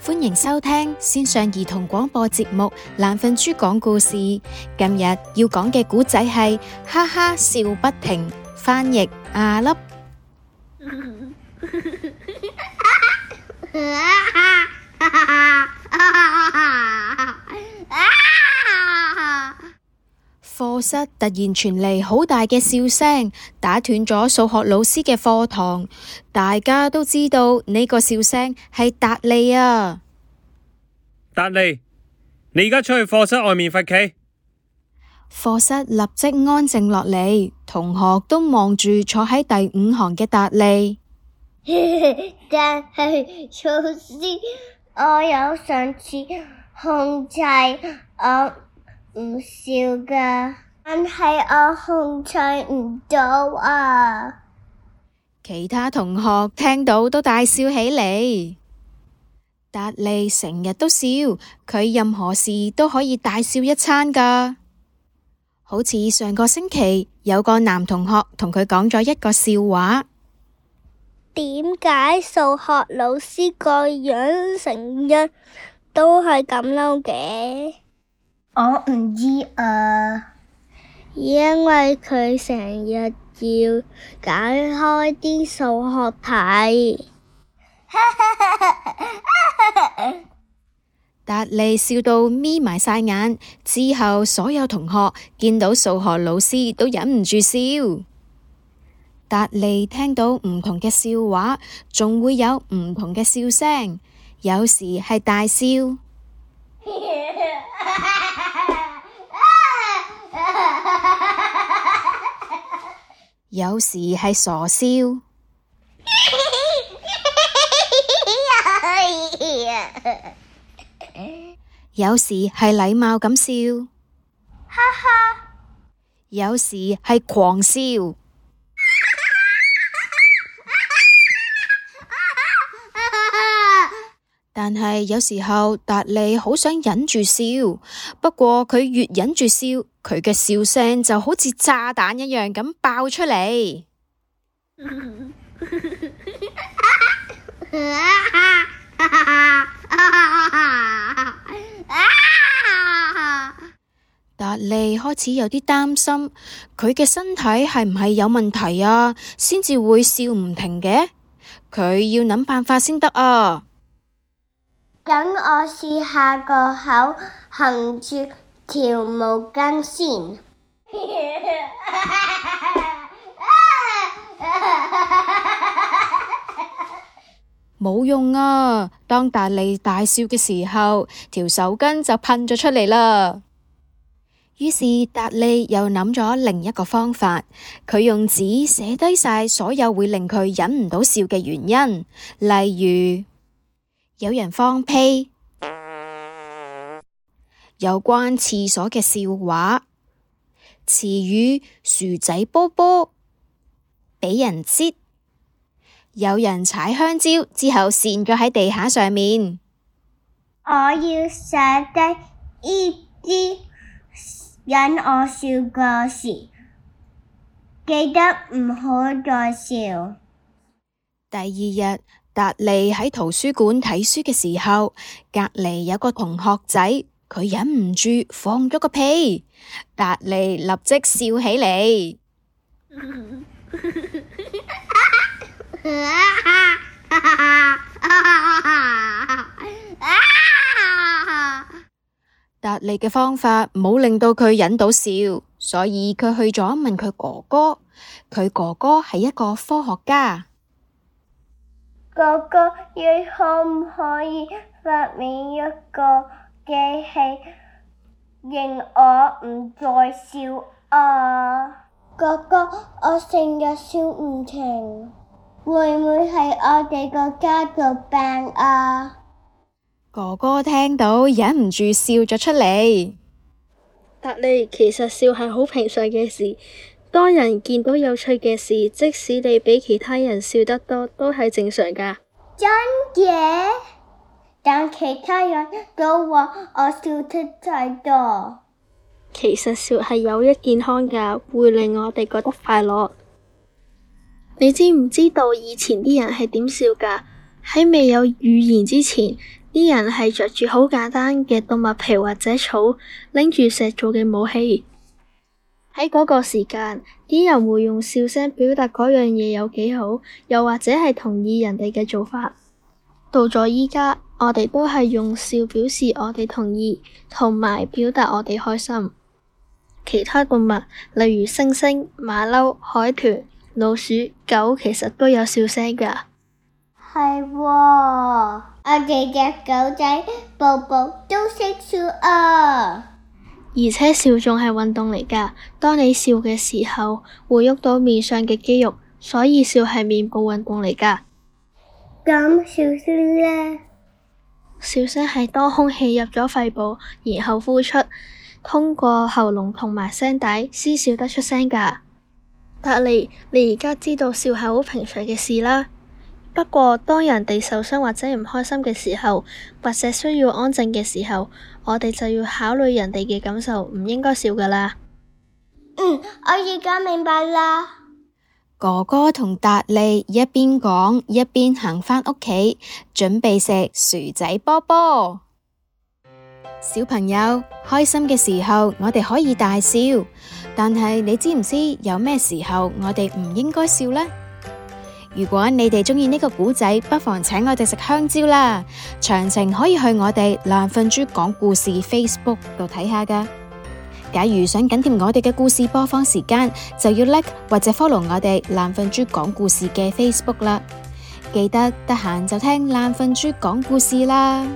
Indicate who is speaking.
Speaker 1: 歡迎收聽綫上兒童廣播節目《懶瞓豬講故事》。今日要講嘅古仔係哈哈笑不停，翻譯阿粒。課室突然傳嚟好大嘅笑聲，打斷咗數學老師嘅課堂。大家都知道呢個笑聲係達莉啊！
Speaker 2: 達莉，你而家出去課室外面罰企。
Speaker 1: 課室立即安靜落嚟，同學都望住坐喺第五行嘅達莉。
Speaker 3: 但係老師，我有上次控制我唔笑㗎。但係我控制唔到啊！
Speaker 1: 其他同學聽到都大笑起嚟。達利成日都笑，佢任何事都可以大笑一餐㗎。好似上個星期有個男同學同佢講咗一個笑話。
Speaker 3: 點解數學老師個樣成日都係咁嬲嘅？我唔知啊。因為佢成日要解開啲數學題，
Speaker 1: 達 利笑到眯埋晒眼。之後所有同學見到數學老師都忍唔住笑。達利聽到唔同嘅笑話，仲會有唔同嘅笑聲，有時係大笑。有時係傻笑， 有時係禮貌咁笑，
Speaker 3: 哈哈，
Speaker 1: 有時係狂笑。但係有時候，達利好想忍住笑，不過佢越忍住笑，佢嘅笑聲就好似炸彈一樣咁爆出嚟。 達利開始有啲擔心，佢嘅身體係唔係有問題啊？先至會笑唔停嘅，佢要諗辦法先得啊！
Speaker 3: 等我試下個口含住條毛巾先，冇
Speaker 1: 用啊！當達利大笑嘅時候，條手巾就噴咗出嚟啦。於是達利又諗咗另一個方法，佢用紙寫低晒所有會令佢忍唔到笑嘅原因，例如。有人放屁，有關廁所嘅笑話，詞語薯仔波波畀人接，有人踩香蕉之後，
Speaker 3: 跣咗喺地下上面。我要寫低呢啲引我笑嘅事，記得唔好再笑。第二日。達利
Speaker 1: 喺圖書館睇書嘅時候，隔籬有個同學仔，佢忍唔住放咗個屁，達利立即笑起嚟。達 利嘅方法冇令到佢忍到笑，所以佢去咗問佢哥哥，佢哥哥係一個科學家。
Speaker 3: 哥哥，你可唔可以發明一個機器，令我唔再笑啊？哥哥，我成日笑唔停，會唔會係我哋個家族病啊？
Speaker 1: 哥哥聽到忍唔住笑咗出嚟，
Speaker 2: 達莉，其實笑係好平常嘅事。當人見到有趣嘅事，即使你比其他人笑得多，都係正常㗎。
Speaker 3: 真嘅？但其他人都話我笑得太多。
Speaker 2: 其實笑係有益健康㗎，
Speaker 3: 會令我哋覺得快樂。
Speaker 2: 你知唔知道以前啲人係點笑㗎？喺未有語言之前，啲人係着住好簡單嘅動物皮或者草，拎住石做嘅武器。喺嗰個時間，啲人會用笑聲表達嗰樣嘢有幾好，又或者係同意人哋嘅做法。到咗依家，我哋都係用笑表示我哋同意，同埋表達我哋開心。其他動物，例如猩猩、馬騮、海豚、老鼠、狗，其實都有笑聲噶。
Speaker 3: 係、哦，我哋嘅狗仔寶寶都識笑啊！
Speaker 2: 而且笑仲係運動嚟噶，當你笑嘅時候會喐到面上嘅肌肉，所以笑係面部運動嚟噶。咁笑聲咧？笑聲係當空氣入咗肺部，然後呼出，通過喉嚨同埋聲帶先笑得出聲噶。達莉，你而家知道笑係好平常嘅事啦。不過，當人哋受傷或者唔開心嘅時候，或者需要安靜嘅時候，我哋就要考慮人哋嘅感受，唔應該笑㗎喇。嗯，我而家明白啦。
Speaker 1: 哥哥同達利一邊講一邊行返屋企，準備食薯仔波波。小朋友，開心嘅時候，我哋可以大笑，但係你知唔知有咩時候我哋唔應該笑呢？如果你哋中意呢個古仔，不妨請我哋食香蕉啦。詳情可以去我哋爛瞓豬講故事 Facebook 度睇下㗎。假如想緊貼我哋嘅故事播放時間，就要 like 或者 follow 我哋爛瞓豬講故事嘅 Facebook 啦。記得得閒就聽爛瞓豬講故事啦。